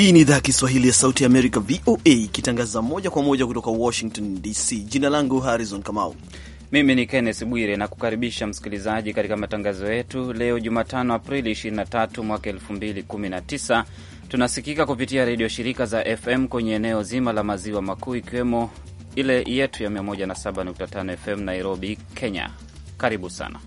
Hii ni idhaa ya Kiswahili ya Sauti ya Amerika, VOA, ikitangaza moja kwa moja kutoka Washington DC. Jina langu Harrison Kamau. Mimi ni Kenneth Bwire na kukaribisha msikilizaji katika matangazo yetu leo Jumatano, Aprili 23 mwaka 2019. Tunasikika kupitia redio shirika za FM kwenye eneo zima la maziwa makuu ikiwemo ile yetu ya 107.5 FM Nairobi, Kenya. Karibu sana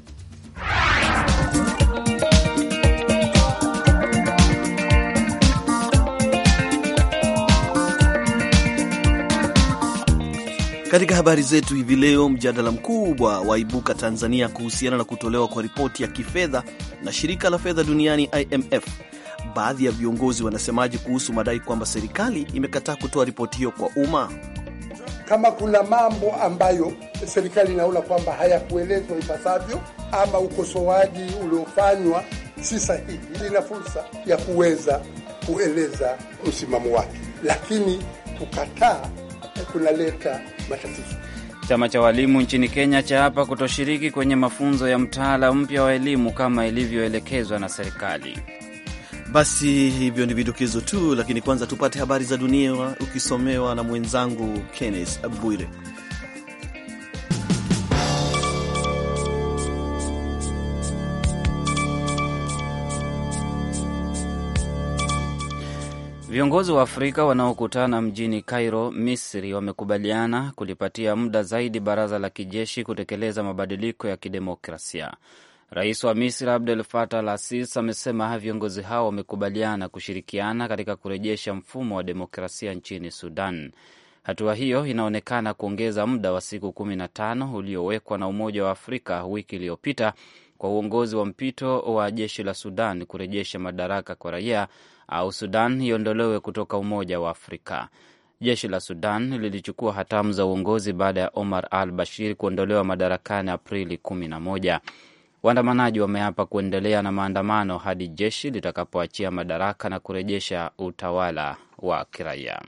Katika habari zetu hivi leo, mjadala mkubwa waibuka Tanzania kuhusiana na kutolewa kwa ripoti ya kifedha na shirika la fedha duniani IMF. Baadhi ya viongozi wanasemaje kuhusu madai kwamba serikali imekataa kutoa ripoti hiyo kwa umma? Kama kuna mambo ambayo serikali inaona kwamba hayakuelezwa ipasavyo ama ukosoaji uliofanywa si sahihi, ina fursa ya kuweza kueleza msimamo wake, lakini kukataa kunaleta matatizo. Chama cha walimu nchini Kenya cha hapa kutoshiriki kwenye mafunzo ya mtaala mpya wa elimu kama ilivyoelekezwa na serikali. Basi hivyo ni vidokezo tu, lakini kwanza tupate habari za dunia ukisomewa na mwenzangu Kenneth Bwire. Viongozi wa Afrika wanaokutana mjini Cairo, Misri, wamekubaliana kulipatia muda zaidi baraza la kijeshi kutekeleza mabadiliko ya kidemokrasia. Rais wa Misri Abdel Fattah al-Sisi amesema viongozi hao wamekubaliana kushirikiana katika kurejesha mfumo wa demokrasia nchini Sudan. Hatua hiyo inaonekana kuongeza muda wa siku kumi na tano uliowekwa na Umoja wa Afrika wiki iliyopita kwa uongozi wa mpito wa jeshi la Sudan kurejesha madaraka kwa raia au Sudan iondolewe kutoka Umoja wa Afrika. Jeshi la Sudan lilichukua hatamu za uongozi baada ya Omar al Bashir kuondolewa madarakani Aprili 11. Waandamanaji wameapa kuendelea na maandamano hadi jeshi litakapoachia madaraka na kurejesha utawala wa kiraia.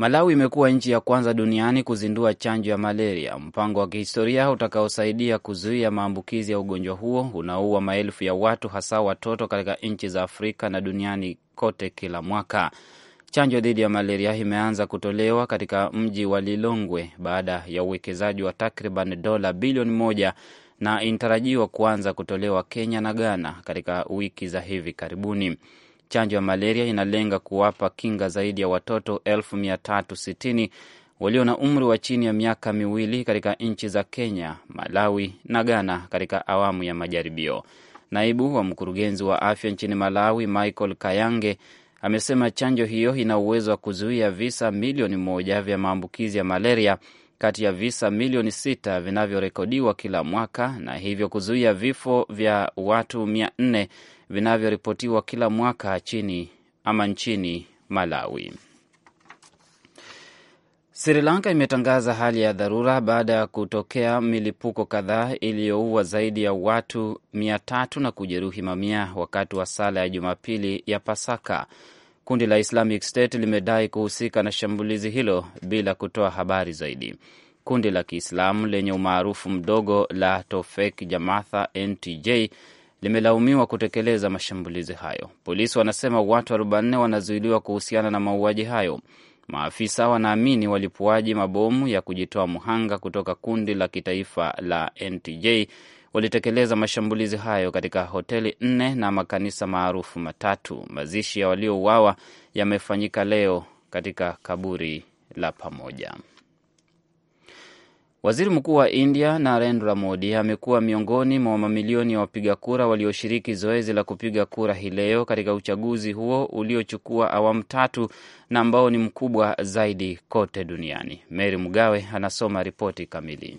Malawi imekuwa nchi ya kwanza duniani kuzindua chanjo ya malaria, mpango wa kihistoria utakaosaidia kuzuia maambukizi ya ugonjwa huo unaoua maelfu ya watu, hasa watoto, katika nchi za Afrika na duniani kote kila mwaka. Chanjo dhidi ya malaria imeanza kutolewa katika mji wa Lilongwe baada ya uwekezaji wa takriban dola bilioni moja na inatarajiwa kuanza kutolewa Kenya na Ghana katika wiki za hivi karibuni. Chanjo ya malaria inalenga kuwapa kinga zaidi ya watoto elfu mia tatu sitini walio na umri wa chini ya miaka miwili katika nchi za Kenya, Malawi na Ghana katika awamu ya majaribio. Naibu wa mkurugenzi wa afya nchini Malawi, Michael Kayange, amesema chanjo hiyo ina uwezo wa kuzuia visa milioni moja vya maambukizi ya malaria kati ya visa milioni sita vinavyorekodiwa kila mwaka na hivyo kuzuia vifo vya watu mia nne vinavyoripotiwa kila mwaka chini ama nchini Malawi. Sri Lanka imetangaza hali ya dharura baada ya kutokea milipuko kadhaa iliyoua zaidi ya watu mia tatu na kujeruhi mamia wakati wa sala ya Jumapili ya Pasaka. Kundi la Islamic State limedai kuhusika na shambulizi hilo bila kutoa habari zaidi. Kundi la Kiislamu lenye umaarufu mdogo la Tofek Jamatha NTJ limelaumiwa kutekeleza mashambulizi hayo. Polisi wanasema watu 44 wanazuiliwa kuhusiana na mauaji hayo. Maafisa wanaamini walipuaji mabomu ya kujitoa mhanga kutoka kundi la kitaifa la NTJ walitekeleza mashambulizi hayo katika hoteli nne na makanisa maarufu matatu. Mazishi ya waliouawa yamefanyika leo katika kaburi la pamoja. Waziri Mkuu wa India Narendra Modi amekuwa miongoni mwa mamilioni ya wapiga kura walioshiriki zoezi la kupiga kura hii leo katika uchaguzi huo uliochukua awamu tatu na ambao ni mkubwa zaidi kote duniani. Mary Mugawe anasoma ripoti kamili.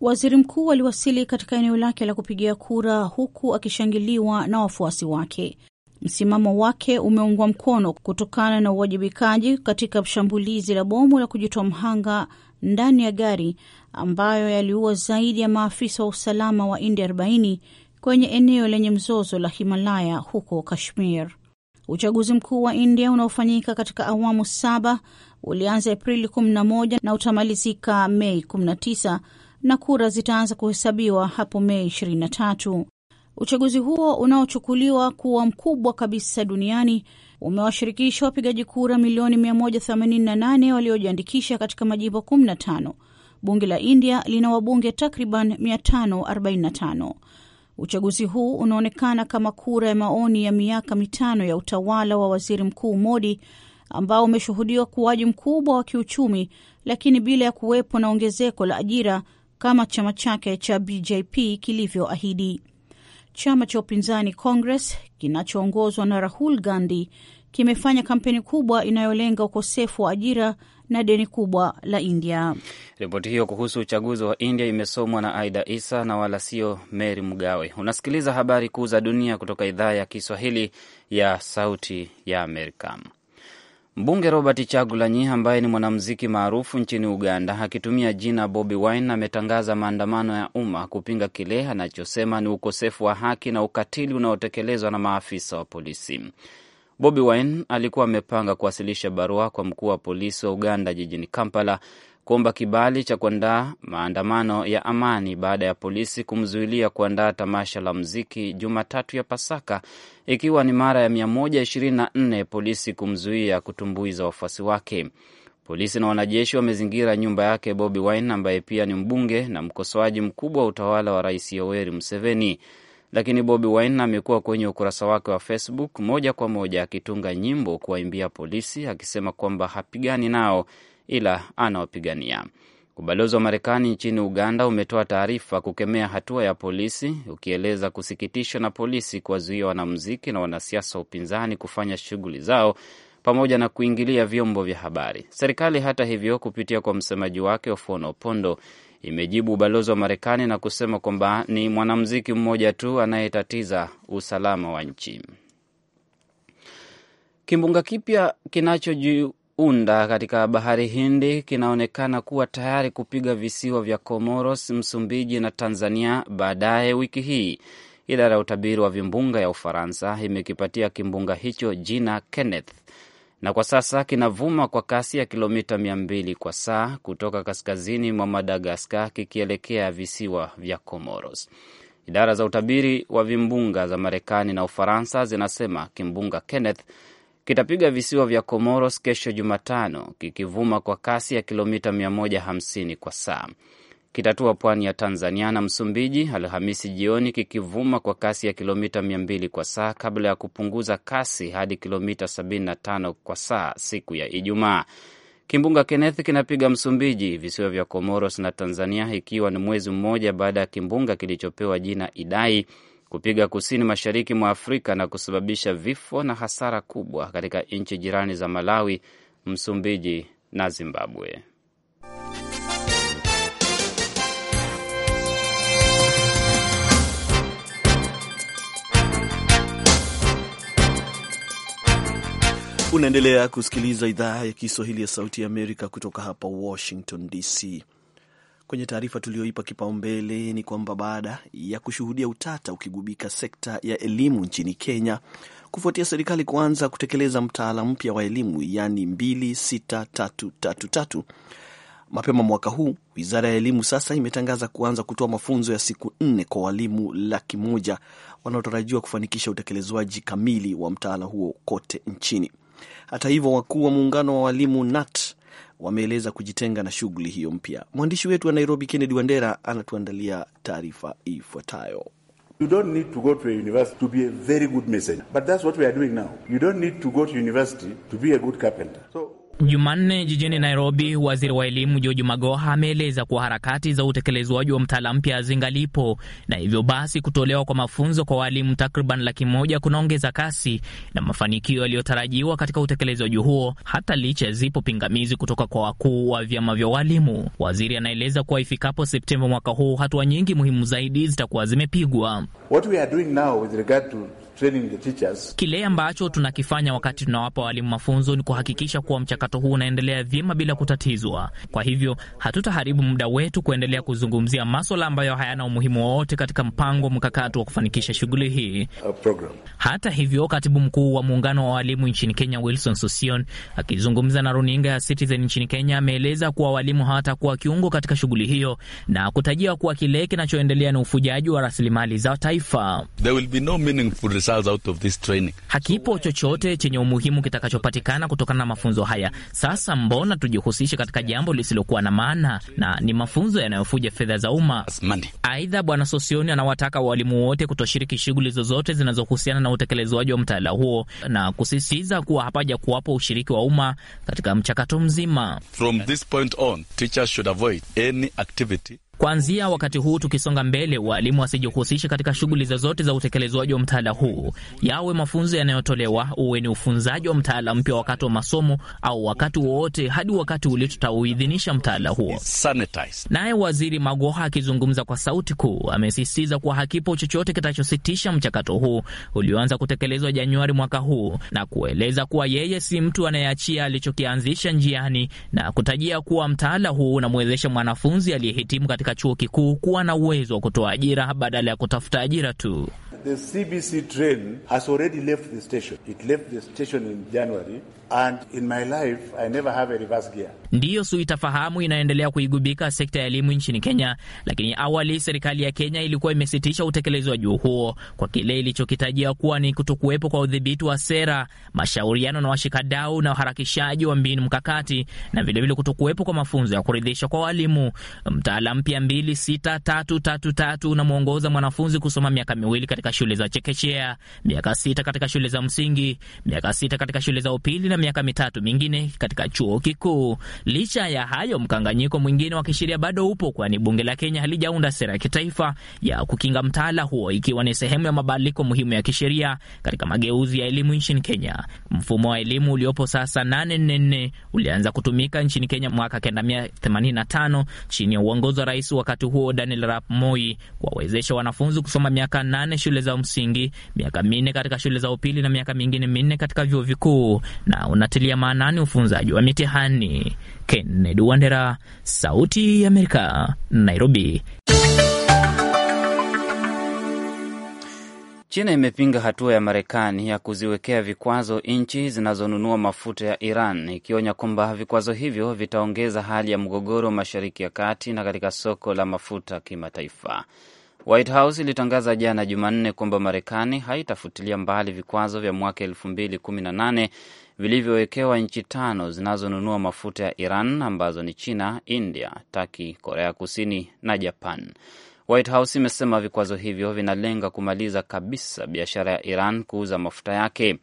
Waziri mkuu aliwasili katika eneo lake la kupigia kura huku akishangiliwa na wafuasi wake. Msimamo wake umeungwa mkono kutokana na uwajibikaji katika shambulizi la bomu la kujitoa mhanga ndani ya gari ambayo yaliua zaidi ya maafisa wa usalama wa India 40 kwenye eneo lenye mzozo la Himalaya huko Kashmir. Uchaguzi mkuu wa India unaofanyika katika awamu saba ulianza Aprili 11 na utamalizika Mei 19 na kura zitaanza kuhesabiwa hapo Mei 23. Uchaguzi huo unaochukuliwa kuwa mkubwa kabisa duniani umewashirikisha wapigaji kura milioni 188 waliojiandikisha katika majimbo 15. Bunge la India lina wabunge takriban 545. Uchaguzi huu unaonekana kama kura ya maoni ya miaka mitano ya utawala wa waziri mkuu Modi, ambao umeshuhudiwa ukuaji mkubwa wa kiuchumi, lakini bila ya kuwepo na ongezeko la ajira kama chama chake cha BJP kilivyoahidi. Chama cha upinzani Congress kinachoongozwa na Rahul Gandhi kimefanya kampeni kubwa inayolenga ukosefu wa ajira na deni kubwa la India. Ripoti hiyo kuhusu uchaguzi wa India imesomwa na Aida Isa na wala sio Meri Mgawe. Unasikiliza habari kuu za dunia kutoka idhaa ya Kiswahili ya Sauti ya Amerika. Mbunge Robert Chagulanyi ambaye ni mwanamuziki maarufu nchini Uganda akitumia jina Bobi Wine ametangaza maandamano ya umma kupinga kile anachosema ni ukosefu wa haki na ukatili unaotekelezwa na maafisa wa polisi. Bobi Wine alikuwa amepanga kuwasilisha barua kwa mkuu wa polisi wa Uganda jijini Kampala kuomba kibali cha kuandaa maandamano ya amani baada ya polisi kumzuilia kuandaa tamasha la mziki Jumatatu ya Pasaka, ikiwa ni mara ya 124 polisi kumzuia kutumbuiza wafuasi wake. Polisi na wanajeshi wamezingira nyumba yake Bobi Wine ambaye pia ni mbunge na mkosoaji mkubwa wa utawala wa Rais Yoweri Museveni. Lakini Bobi Wine amekuwa kwenye ukurasa wake wa Facebook moja kwa moja akitunga nyimbo kuwaimbia polisi, akisema kwamba hapigani nao ila anawapigania. Ubalozi wa Marekani nchini Uganda umetoa taarifa kukemea hatua ya polisi, ukieleza kusikitishwa na polisi kuwazuia wanamuziki na wanasiasa wa upinzani kufanya shughuli zao pamoja na kuingilia vyombo vya habari. Serikali hata hivyo, kupitia kwa msemaji wake Ofuono Opondo, imejibu ubalozi wa Marekani na kusema kwamba ni mwanamuziki mmoja tu anayetatiza usalama wa nchi. Kimbunga kipya kinachojuu unda katika bahari Hindi kinaonekana kuwa tayari kupiga visiwa vya Comoros, Msumbiji na Tanzania baadaye wiki hii. Idara ya utabiri wa vimbunga ya Ufaransa imekipatia kimbunga hicho jina Kenneth, na kwa sasa kinavuma kwa kasi ya kilomita mbili kwa saa kutoka kaskazini mwa Madagaskar kikielekea visiwa vya Comoros. Idara za utabiri wa vimbunga za Marekani na Ufaransa zinasema kimbunga Kenneth kitapiga visiwa vya Comoros kesho Jumatano, kikivuma kwa kasi ya kilomita 150 kwa saa. Kitatua pwani ya Tanzania na Msumbiji Alhamisi jioni, kikivuma kwa kasi ya kilomita 200 kwa saa kabla ya kupunguza kasi hadi kilomita 75 kwa saa siku ya Ijumaa. Kimbunga Kenneth kinapiga Msumbiji, visiwa vya Comoros na Tanzania, ikiwa ni mwezi mmoja baada ya kimbunga kilichopewa jina Idai kupiga kusini mashariki mwa Afrika na kusababisha vifo na hasara kubwa katika nchi jirani za Malawi, Msumbiji na Zimbabwe. Unaendelea kusikiliza idhaa ya Kiswahili ya Sauti ya Amerika kutoka hapa Washington DC. Kwenye taarifa tuliyoipa kipaumbele ni kwamba baada ya kushuhudia utata ukigubika sekta ya elimu nchini Kenya kufuatia serikali kuanza kutekeleza mtaala mpya wa elimu yaani 26333 mapema mwaka huu, wizara ya elimu sasa imetangaza kuanza kutoa mafunzo ya siku nne kwa walimu laki moja wanaotarajiwa kufanikisha utekelezwaji kamili wa mtaala huo kote nchini. Hata hivyo, wakuu wa muungano wa walimu NAT wameeleza kujitenga na shughuli hiyo mpya. Mwandishi wetu wa Nairobi, Kennedy Wandera, anatuandalia taarifa ifuatayo. You don't need to go to a university to be a very good messenger. But that's what we are doing now. You don't need to go to university to be a good carpenter. So Jumanne jijini Nairobi, waziri wa elimu George Magoha ameeleza kuwa harakati za utekelezwaji wa mtaala mpya zingalipo na hivyo basi kutolewa kwa mafunzo kwa waalimu takriban laki moja kunaongeza kasi na mafanikio yaliyotarajiwa katika utekelezwaji huo, hata licha zipo pingamizi kutoka kwa wakuu wa vyama vya waalimu Waziri anaeleza kuwa ifikapo Septemba mwaka huu hatua nyingi muhimu zaidi zitakuwa zimepigwa. What we are doing now with regard to training the teachers. Kile ambacho tunakifanya wakati tunawapa walimu mafunzo ni kuhakikisha kuwa mchakato huu unaendelea vyema bila kutatizwa. Kwa hivyo hatutaharibu muda wetu kuendelea kuzungumzia maswala ambayo hayana umuhimu wowote katika mpango mkakati wa kufanikisha shughuli hii Hata hivyo, katibu mkuu wa muungano wa walimu nchini Kenya Wilson Sosion akizungumza na runinga ya Citizen nchini Kenya ameeleza kuwa walimu hawatakuwa kiungo katika shughuli hiyo na kutajia kuwa kile kinachoendelea ni ufujaji wa rasilimali za taifa. There will be no meaningful results out of this training. Hakipo chochote chenye umuhimu kitakachopatikana kutokana na mafunzo haya. Sasa mbona tujihusishe katika jambo lisilokuwa na maana, na ni mafunzo yanayofuja fedha za umma. Aidha, Bwana Sosioni anawataka walimu wote kutoshiriki shughuli zozote zinazohusiana na utekelezwaji wa mtaala huo na kusisitiza kuwa hapaja kuwapo ushiriki wa umma katika mchakato mzima. From this point on, teachers should avoid any activity Kuanzia wakati huu tukisonga mbele, walimu wasijihusishe katika shughuli zozote za utekelezwaji wa mtaala huu. Yawe mafunzo yanayotolewa, uwe ni ufunzaji wa mtaala mpya wakati wa masomo au wakati wowote, hadi wakati ule tutauidhinisha mtaala huo. Naye waziri Magoha akizungumza kwa sauti kuu amesisitiza kuwa hakipo chochote kitachositisha mchakato huu ulioanza kutekelezwa Januari mwaka huu, na kueleza kuwa yeye si mtu anayeachia alichokianzisha njiani, na kutajia kuwa mtaala huu unamwezesha mwanafunzi aliyehitimu katika katika chuo kikuu kuwa na uwezo wa kutoa ajira badala ya kutafuta ajira tu. The CBC train has already left the station. It left the station in January. And in my life, I never have a reverse gear. Ndiyo suitafahamu inaendelea kuigubika sekta ya elimu nchini Kenya, lakini awali serikali ya Kenya ilikuwa imesitisha utekelezwaji huo kwa kile ilichokitajia kuwa ni kutokuwepo kwa udhibiti wa sera, mashauriano na washikadau na uharakishaji wa mbinu mkakati, na vilevile kutokuwepo kwa mafunzo ya kuridhisha kwa walimu. Mtaala mpya 26333 unamwongoza mwanafunzi kusoma miaka miwili katika shule za chekechea, miaka sita katika shule za msingi, miaka sita katika shule za upili na miaka mitatu mingine katika chuo kikuu. Licha ya hayo, mkanganyiko mwingine wa kisheria bado upo, kwani bunge la Kenya halijaunda sera ya kitaifa ya kukinga mtaala huo, ikiwa ni sehemu ya mabadiliko muhimu ya kisheria katika mageuzi ya elimu nchini Kenya. Mfumo wa elimu uliopo sasa 844 ulianza kutumika nchini Kenya mwaka 1985 chini ya uongozi wa rais wakati huo Daniel Arap Moi kuwawezesha wanafunzi kusoma miaka nane shule za msingi, miaka minne katika shule za upili na miaka mingine minne katika vyuo vikuu na unatilia maanani ufunzaji wa mitihani. Kennedy Wandera, Sauti ya Amerika, Nairobi. China imepinga hatua ya Marekani ya kuziwekea vikwazo nchi zinazonunua mafuta ya Iran, ikionya kwamba vikwazo hivyo vitaongeza hali ya mgogoro mashariki ya kati na katika soko la mafuta kimataifa. White House ilitangaza jana Jumanne kwamba Marekani haitafutilia mbali vikwazo vya mwaka 2018 vilivyowekewa nchi tano zinazonunua mafuta ya Iran ambazo ni China, India, Turkey, Korea Kusini na Japan. White House imesema vikwazo hivyo vinalenga kumaliza kabisa biashara ya Iran kuuza mafuta yake.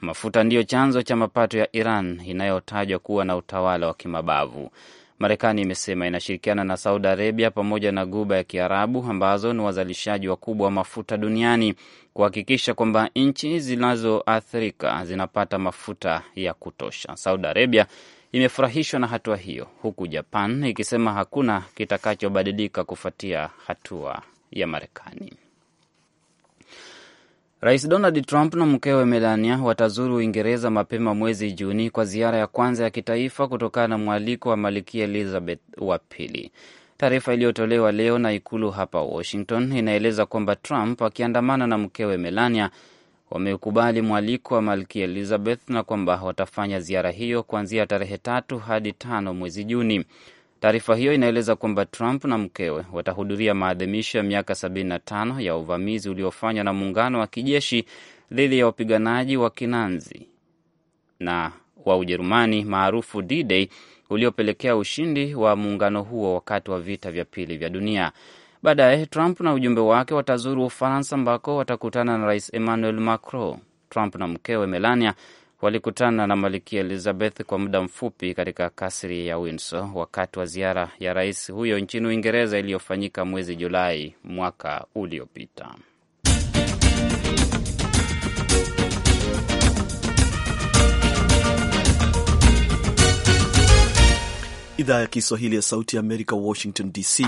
Mafuta ndiyo chanzo cha mapato ya Iran inayotajwa kuwa na utawala wa kimabavu. Marekani imesema inashirikiana na Saudi Arabia pamoja na Guba ya Kiarabu ambazo ni wazalishaji wakubwa wa mafuta duniani kuhakikisha kwamba nchi zinazoathirika zinapata mafuta ya kutosha. Saudi Arabia imefurahishwa na hatua hiyo, huku Japan ikisema hakuna kitakachobadilika kufuatia hatua ya Marekani. Rais Donald Trump na mkewe Melania watazuru Uingereza mapema mwezi Juni kwa ziara ya kwanza ya kitaifa kutokana na mwaliko wa malikia Elizabeth wa Pili. Taarifa iliyotolewa leo na ikulu hapa Washington inaeleza kwamba Trump akiandamana na mkewe Melania wamekubali mwaliko wa Malkia Elizabeth na kwamba watafanya ziara hiyo kuanzia tarehe tatu hadi tano mwezi Juni. Taarifa hiyo inaeleza kwamba Trump na mkewe watahudhuria maadhimisho ya miaka 75 ya uvamizi uliofanywa na muungano wa kijeshi dhidi ya wapiganaji wa Kinanzi na wa Ujerumani maarufu D-Day uliopelekea ushindi wa muungano huo wakati wa vita vya pili vya dunia. Baadaye Trump na ujumbe wake watazuru Ufaransa ambako watakutana na Rais Emmanuel Macron. Trump na mkewe Melania walikutana na Malkia Elizabeth kwa muda mfupi katika kasri ya Windsor wakati wa ziara ya rais huyo nchini Uingereza iliyofanyika mwezi Julai mwaka uliopita. Idhaa ya Kiswahili ya Sauti ya Amerika, Washington DC.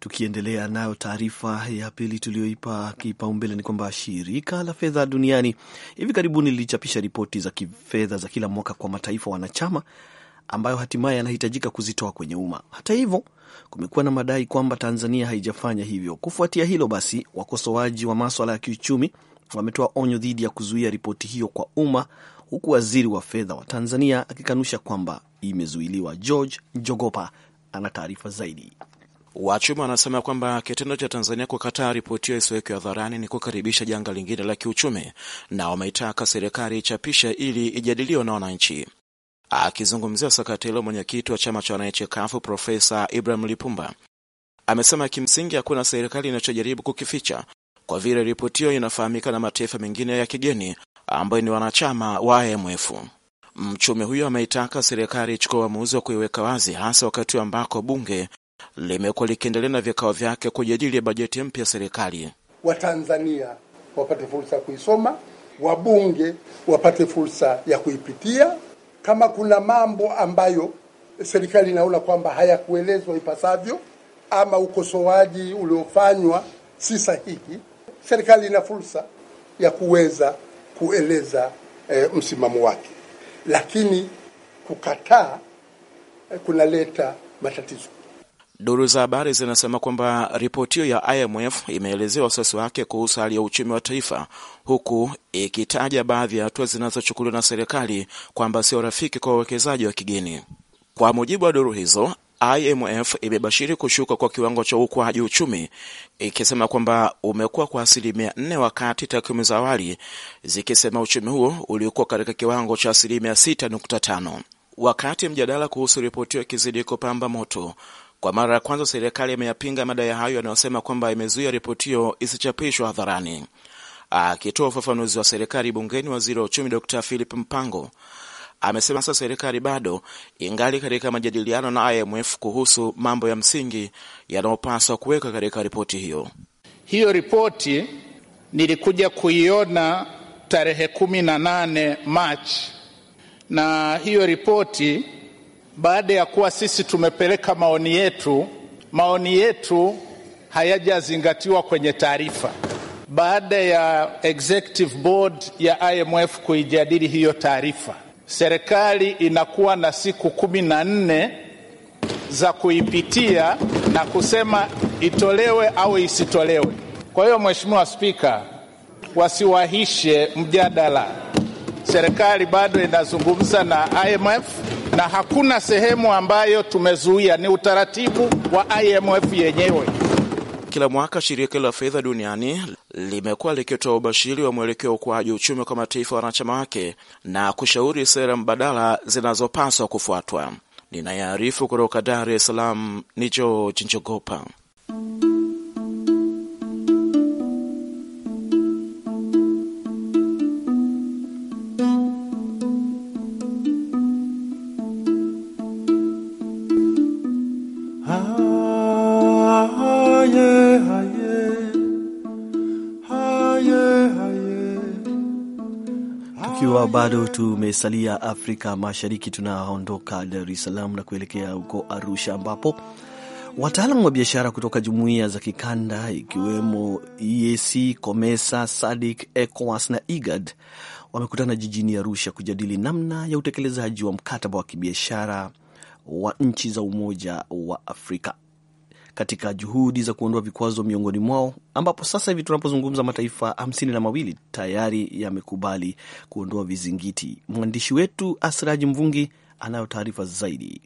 Tukiendelea nayo taarifa ya pili tuliyoipa kipaumbele ni kwamba shirika la fedha duniani hivi karibuni lilichapisha ripoti za kifedha za kila mwaka kwa mataifa wanachama ambayo hatimaye yanahitajika kuzitoa kwenye umma. Hata hivyo, kumekuwa na madai kwamba Tanzania haijafanya hivyo. Kufuatia hilo basi, wakosoaji wa maswala ya kiuchumi wametoa onyo dhidi ya kuzuia ripoti hiyo kwa umma huku waziri wa fedha wa Tanzania akikanusha kwamba imezuiliwa. George Njogopa ana taarifa zaidi. Wachuma wanasema kwamba kitendo cha Tanzania kukataa ripoti hiyo isiwekwe hadharani ni kukaribisha janga lingine la kiuchumi, na wameitaka serikali ichapishe ili ijadiliwe na wananchi. Akizungumzia sakata hilo, mwenyekiti wa chama cha wananchi kafu Profesa Ibrahim Lipumba amesema kimsingi hakuna serikali inachojaribu kukificha kwa vile ripoti hiyo inafahamika na mataifa mengine ya kigeni ambayo ni wanachama wa IMF. Mchumi huyo ameitaka serikali ichukua uamuzi wa kuiweka wazi, hasa wakati ambako bunge limekuwa likiendelea na vikao vyake kujadili bajeti mpya ya serikali. Watanzania wapate fursa ya kuisoma, wabunge wapate fursa ya kuipitia. Kama kuna mambo ambayo serikali inaona kwamba hayakuelezwa ipasavyo ama ukosoaji uliofanywa si sahihi, serikali ina fursa ya kuweza kueleza e, msimamo wake, lakini kukataa e, kunaleta matatizo. Duru za habari zinasema kwamba ripoti hiyo ya IMF imeelezea wasiwasi wake kuhusu hali ya uchumi wa taifa, huku ikitaja baadhi ya hatua zinazochukuliwa na serikali kwamba sio rafiki kwa wawekezaji wa kigeni. Kwa mujibu wa duru hizo, IMF imebashiri kushuka kwa kiwango cha ukuaji uchumi ikisema kwamba umekuwa kwa asilimia nne, wakati takwimu za awali zikisema uchumi huo uliokuwa katika kiwango cha asilimia 6.5. Wakati mjadala kuhusu ripoti hiyo ikizidi kupamba moto, kwa mara ya kwanza serikali imeyapinga madai hayo yanayosema kwamba imezuia ripoti hiyo isichapishwa hadharani. Akitoa ufafanuzi wa serikali bungeni, waziri wa uchumi Dr Philip Mpango amesema sasa serikali bado ingali katika majadiliano na IMF kuhusu mambo ya msingi yanayopaswa kuweka katika ripoti hiyo. Hiyo ripoti nilikuja kuiona tarehe kumi na nane Machi, na hiyo ripoti baada ya kuwa sisi tumepeleka maoni yetu, maoni yetu hayajazingatiwa kwenye taarifa baada ya executive board ya IMF kuijadili hiyo taarifa serikali inakuwa na siku kumi na nne za kuipitia na kusema itolewe au isitolewe. Kwa hiyo, Mheshimiwa Spika, wasiwahishe mjadala. Serikali bado inazungumza na IMF na hakuna sehemu ambayo tumezuia, ni utaratibu wa IMF yenyewe. Kila mwaka shirika la fedha duniani limekuwa likitoa ubashiri wa mwelekeo wa ukuaji wa uchumi kwa mataifa wanachama wake na kushauri sera mbadala zinazopaswa kufuatwa. Ninayearifu kutoka Dar es Salaam ni George Njogopa. bado tumesalia Afrika Mashariki, tunaondoka Dar es Salaam na kuelekea huko Arusha ambapo wataalamu wa biashara kutoka jumuiya za kikanda ikiwemo EAC, COMESA, sadic ECOWAS na IGAD wamekutana jijini Arusha kujadili namna ya utekelezaji wa mkataba wa kibiashara wa nchi za Umoja wa Afrika katika juhudi za kuondoa vikwazo miongoni mwao, ambapo sasa hivi tunapozungumza mataifa hamsini na mawili tayari yamekubali kuondoa vizingiti. Mwandishi wetu Asraji Mvungi anayo taarifa zaidi.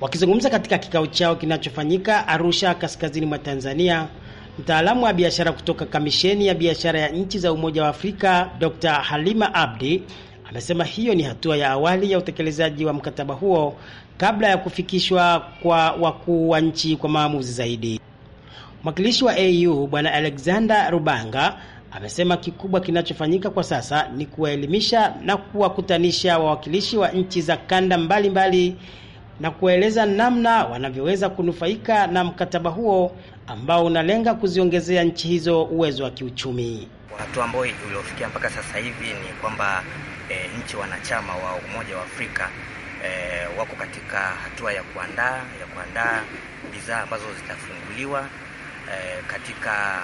Wakizungumza katika kikao chao kinachofanyika Arusha, kaskazini mwa Tanzania, mtaalamu wa biashara kutoka Kamisheni ya Biashara ya Nchi za Umoja wa Afrika Dr. Halima Abdi amesema hiyo ni hatua ya awali ya utekelezaji wa mkataba huo kabla ya kufikishwa kwa wakuu wa nchi kwa maamuzi zaidi. Mwakilishi wa AU Bwana Alexander Rubanga amesema kikubwa kinachofanyika kwa sasa ni kuwaelimisha na kuwakutanisha wawakilishi wa nchi za kanda mbalimbali mbali, na kuwaeleza namna wanavyoweza kunufaika na mkataba huo ambao unalenga kuziongezea nchi hizo uwezo wa kiuchumi. Hatua ambao uliofikia mpaka sasa hivi ni kwamba e, nchi wanachama wa Umoja wa Afrika e, wako katika hatua ya kuandaa ya kuandaa bidhaa ambazo zitafunguliwa e, katika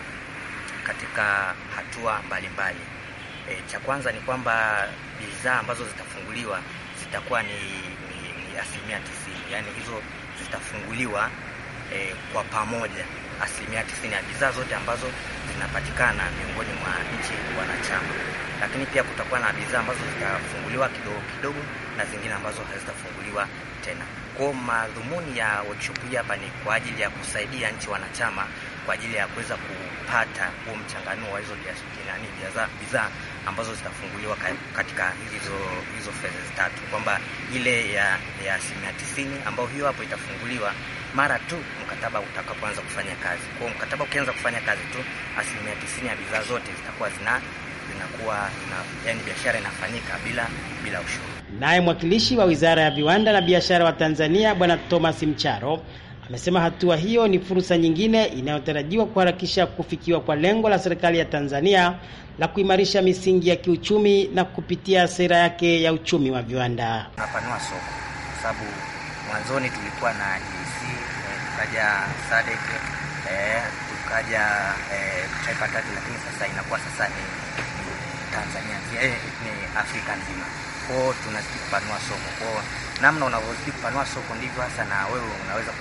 katika hatua mbalimbali. E, cha kwanza ni kwamba bidhaa ambazo zitafunguliwa zitakuwa ni, ni, ni asilimia tisini, yaani hizo zitafunguliwa e, kwa pamoja asilimia tisini ya bidhaa zote ambazo zinapatikana miongoni mwa nchi wanachama lakini pia kutakuwa na bidhaa ambazo zitafunguliwa kidogo kidogo na zingine ambazo hazitafunguliwa tena. Kwa madhumuni ya workshop hii hapa ni kwa ajili ya kusaidia nchi wanachama kwa ajili ya kuweza kupata huo mchanganuo wa hizo bidhaa ambazo zitafunguliwa katika hizo hizo phases tatu, kwamba ile ya ya asilimia tisini ambayo hiyo hapo itafunguliwa mara tu mkataba utakapoanza kufanya kazi. Kwa mkataba ukianza kufanya kazi tu asilimia tisini ya bidhaa zote zitakuwa zina inakuwa na, yani biashara inafanyika bila bila ushuru. Naye mwakilishi wa Wizara ya Viwanda na Biashara wa Tanzania Bwana Thomas Mcharo amesema hatua hiyo ni fursa nyingine inayotarajiwa kuharakisha kufikiwa kwa lengo la serikali ya Tanzania la kuimarisha misingi ya kiuchumi na kupitia sera yake ya uchumi wa viwanda. Napanua soko kwa sababu mwanzoni tulikuwa na GC, e eh, tukaja SADC, eh, tukaja eh, taifa lakini sasa inakuwa sasa ni Tanzania eh, ni Afrika nzima. Kwao tunazidi kupanua soko. Kwao namna unavyozidi kupanua soko ndivyo hasa na wewe unaweza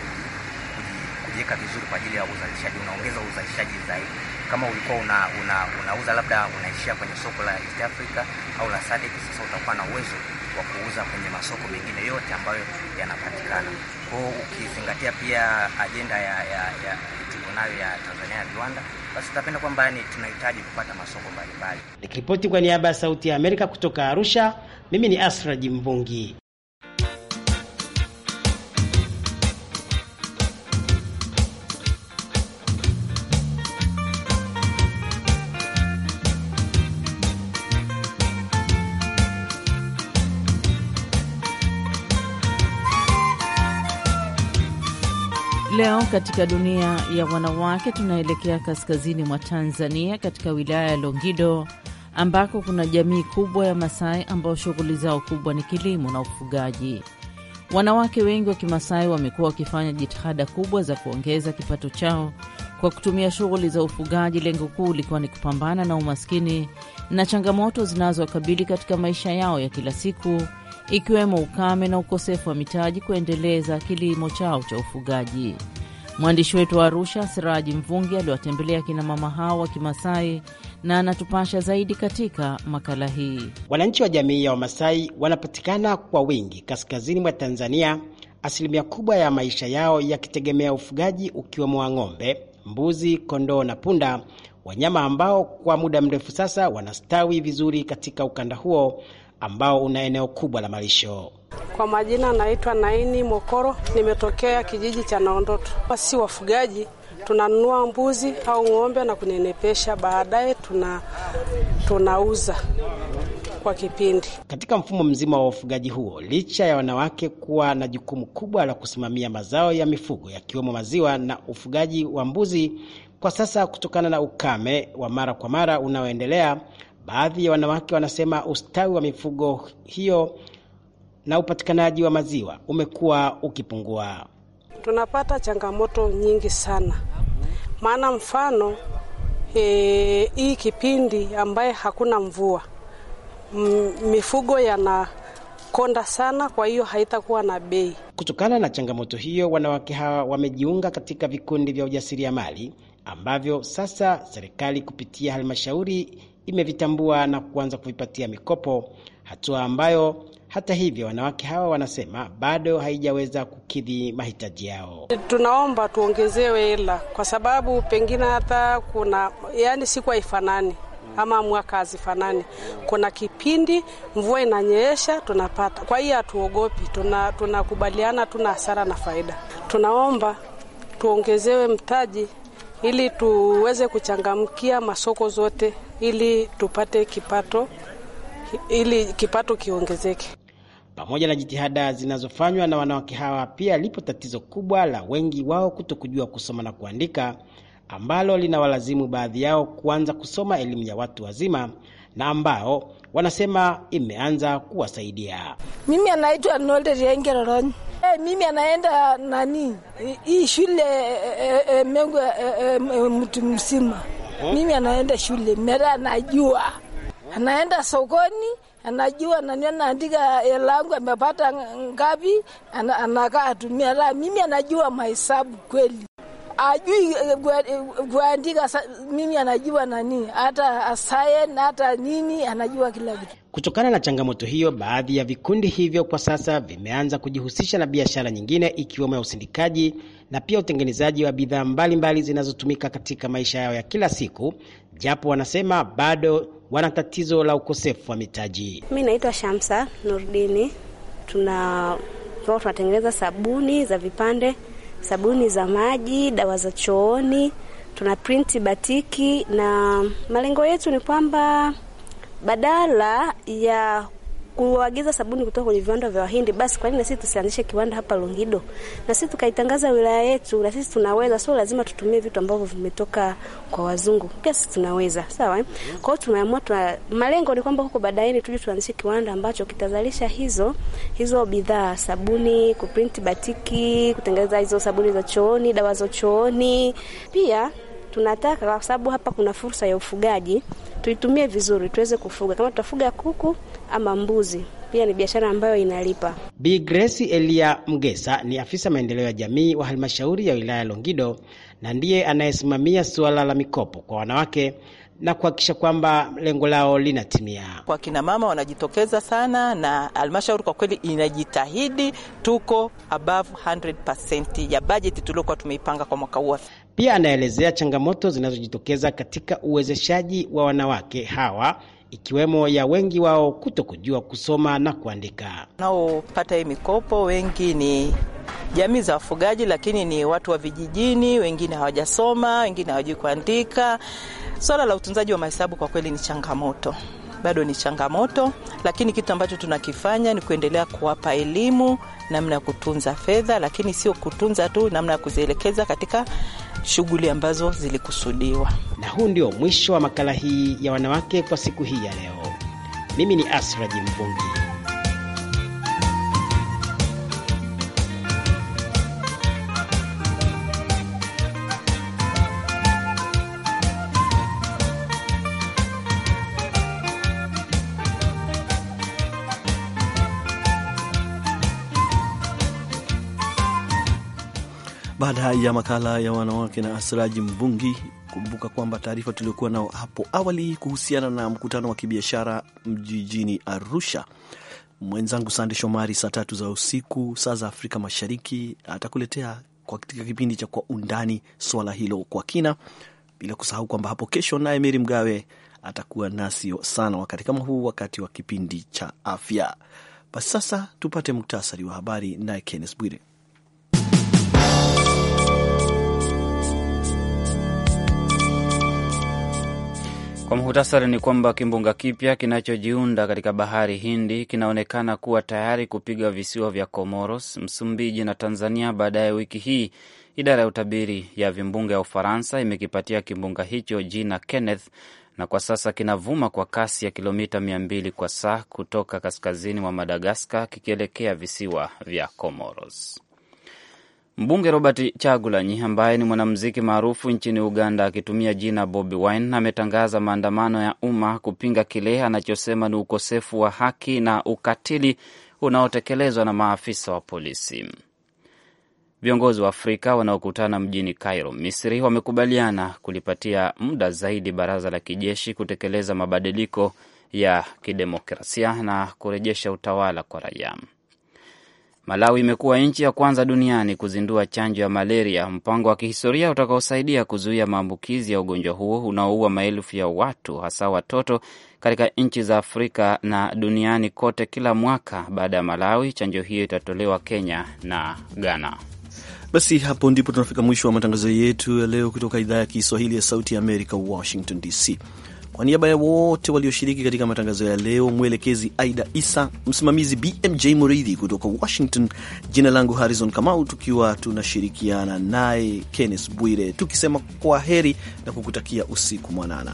kujiweka vizuri kwa ajili ya uzalishaji, unaongeza uzalishaji zaidi. Kama ulikuwa una, una, unauza labda unaishia kwenye soko la East Africa au la SADC, sasa utakuwa na uwezo wa kuuza kwenye masoko mengine yote ambayo yanapatikana. Kwao ukizingatia pia ajenda ya, ya, ya tulionayo ya Tanzania ya viwanda basi tutapenda kwamba yani tunahitaji kupata masoko mbalimbali. Nikiripoti kwa niaba ya Sauti ya Amerika kutoka Arusha, mimi ni Asra Jimbungi. leo katika dunia ya wanawake, tunaelekea kaskazini mwa Tanzania katika wilaya ya Longido ambako kuna jamii kubwa ya Masai ambao shughuli zao kubwa ni kilimo na ufugaji. Wanawake wengi wa Kimasai wamekuwa wakifanya jitihada kubwa za kuongeza kipato chao kwa kutumia shughuli za ufugaji, lengo kuu likiwa ni kupambana na umaskini na changamoto zinazowakabili katika maisha yao ya kila siku ikiwemo ukame na ukosefu wa mitaji kuendeleza kilimo chao cha ufugaji. Mwandishi wetu wa Arusha, Siraji Mvungi, aliwatembelea kina mama hao wa Kimasai na anatupasha zaidi katika makala hii. Wananchi wa jamii ya Wamasai wanapatikana kwa wingi kaskazini mwa Tanzania, asilimia kubwa ya maisha yao yakitegemea ufugaji, ukiwemo wa ng'ombe, mbuzi, kondoo na punda, wanyama ambao kwa muda mrefu sasa wanastawi vizuri katika ukanda huo ambao una eneo kubwa la malisho. Kwa majina naitwa Naini Mokoro, nimetokea kijiji cha Naondoto. Si wafugaji, tunanunua mbuzi au ng'ombe na kunenepesha, baadaye tuna tunauza kwa kipindi. Katika mfumo mzima wa ufugaji huo, licha ya wanawake kuwa na jukumu kubwa la kusimamia mazao ya mifugo yakiwemo maziwa na ufugaji wa mbuzi, kwa sasa kutokana na ukame wa mara kwa mara unaoendelea Baadhi ya wanawake wanasema ustawi wa mifugo hiyo na upatikanaji wa maziwa umekuwa ukipungua. Tunapata changamoto nyingi sana, maana mfano e, hii kipindi ambaye hakuna mvua M, mifugo yanakonda sana, kwa hiyo haitakuwa na bei. Kutokana na changamoto hiyo, wanawake hawa wamejiunga katika vikundi vya ujasiriamali ambavyo sasa serikali kupitia halmashauri imevitambua na kuanza kuvipatia mikopo, hatua ambayo hata hivyo wanawake hawa wanasema bado haijaweza kukidhi mahitaji yao. Tunaomba tuongezewe hela, kwa sababu pengine hata kuna yani siku haifanani ama mwaka hazifanani. Kuna kipindi mvua inanyesha tunapata, kwa hiyo hatuogopi, tunakubaliana tuna hasara na faida. Tunaomba tuongezewe mtaji ili tuweze kuchangamkia masoko zote ili tupate kipato ili kipato kiongezeke. Pamoja na jitihada zinazofanywa na wanawake hawa, pia lipo tatizo kubwa la wengi wao kuto kujua kusoma na kuandika, ambalo linawalazimu baadhi yao kuanza kusoma elimu ya watu wazima na ambao wanasema imeanza kuwasaidia. Mimi anaitwa Nolde Rengero Hey, eh, mimi anaenda eh, nani hii shule e, e, mengu e, mtu mzima hmm? Mimi anaenda shule mera, anajua anaenda sokoni anajua nani anaandika elangu amepata ngapi, anakaa mera Mimi anajua mahesabu kweli ajui kuandika. Eh, eh, mimi anajua nani, hata asayen hata nini, anajua kila kitu. Kutokana na changamoto hiyo, baadhi ya vikundi hivyo kwa sasa vimeanza kujihusisha na biashara nyingine ikiwemo ya usindikaji na pia utengenezaji wa bidhaa mbalimbali zinazotumika katika maisha yao ya kila siku, japo wanasema bado wana tatizo la ukosefu wa mitaji. Mi naitwa Shamsa Nurdini, tunatengeneza sabuni za vipande sabuni za maji, dawa za chooni, tuna printi batiki, na malengo yetu ni kwamba badala ya kuagiza sabuni kutoka kwenye viwanda vya Wahindi, basi kwa nini na sisi tusianzishe kiwanda hapa Longido na sisi tukaitangaza wilaya yetu? Na sisi tunaweza, sio lazima tutumie vitu ambavyo vimetoka kwa wazungu, pia sisi tunaweza. Sawa, eh? Kwa hiyo tumeamua tuna, malengo ni kwamba huko baadaye tuje tuanzishe kiwanda ambacho kitazalisha hizo hizo bidhaa, sabuni, kuprint batiki, kutengeneza hizo sabuni za chooni, dawa za chooni pia tunataka, kwa sababu hapa kuna fursa ya ufugaji, tuitumie vizuri, tuweze kufuga. Kama tutafuga kuku ama mbuzi, pia ni biashara ambayo inalipa. Bi Elia Mgesa ni afisa maendeleo ya jamii wa halmashauri ya wilaya Longido na ndiye anayesimamia suala la mikopo kwa wanawake na kuhakikisha kwamba lengo lao linatimia. Kwa kina mama wanajitokeza sana, na halmashauri kwa kweli inajitahidi. Tuko above 100% ya bajeti tuliokuwa tumeipanga kwa mwaka huu. Pia anaelezea changamoto zinazojitokeza katika uwezeshaji wa wanawake hawa ikiwemo ya wengi wao kuto kujua kusoma na kuandika. Wanaopata hii mikopo wengi ni jamii za wafugaji, lakini ni watu wa vijijini. Wengine hawajasoma, wengine hawajui kuandika. Swala la utunzaji wa mahesabu kwa kweli ni changamoto bado ni changamoto, lakini kitu ambacho tunakifanya ni kuendelea kuwapa elimu namna ya kutunza fedha, lakini sio kutunza tu, namna ya kuzielekeza katika shughuli ambazo zilikusudiwa. Na huu ndio mwisho wa makala hii ya wanawake kwa siku hii ya leo. Mimi ni Asra Jimvungi. Baada ya makala ya wanawake na Asraji Mvungi, kumbuka kwamba taarifa tuliokuwa nao hapo awali kuhusiana na mkutano wa kibiashara mjijini Arusha, mwenzangu Sande Shomari saa tatu za usiku saa za Afrika Mashariki atakuletea katika kipindi cha Kwa Undani swala hilo kwa kina, bila kusahau kwamba hapo kesho naye Meri Mgawe atakuwa nasi sana wakati kama huu, wakati wa kipindi cha afya. Basi sasa tupate muktasari wa habari naye Kennes Bwire. Kwa muhtasari ni kwamba kimbunga kipya kinachojiunda katika bahari Hindi kinaonekana kuwa tayari kupiga visiwa vya Comoros, Msumbiji na Tanzania baadaye wiki hii. Idara ya utabiri ya vimbunga ya Ufaransa imekipatia kimbunga hicho jina Kenneth na kwa sasa kinavuma kwa kasi ya kilomita 200 kwa saa kutoka kaskazini mwa Madagaskar kikielekea visiwa vya Comoros. Mbunge Robert Chagulanyi ambaye ni mwanamuziki maarufu nchini Uganda akitumia jina Bobi Wine ametangaza maandamano ya umma kupinga kile anachosema ni ukosefu wa haki na ukatili unaotekelezwa na maafisa wa polisi. Viongozi wa Afrika wanaokutana mjini Cairo, Misri, wamekubaliana kulipatia muda zaidi baraza la kijeshi kutekeleza mabadiliko ya kidemokrasia na kurejesha utawala kwa raia. Malawi imekuwa nchi ya kwanza duniani kuzindua chanjo ya malaria, mpango wa kihistoria utakaosaidia kuzuia maambukizi ya ugonjwa huo unaoua maelfu ya watu, hasa watoto, katika nchi za Afrika na duniani kote kila mwaka. Baada ya Malawi, chanjo hiyo itatolewa Kenya na Ghana. Basi hapo ndipo tunafika mwisho wa matangazo yetu ya leo kutoka idhaa ya Kiswahili ya Sauti ya Amerika, Washington DC. Kwa niaba ya wote walioshiriki katika matangazo ya leo, mwelekezi Aida Isa, msimamizi BMJ Muridhi kutoka Washington, jina langu Harrison Kamau, tukiwa tunashirikiana naye Kenneth Bwire, tukisema kwa heri na kukutakia usiku mwanana.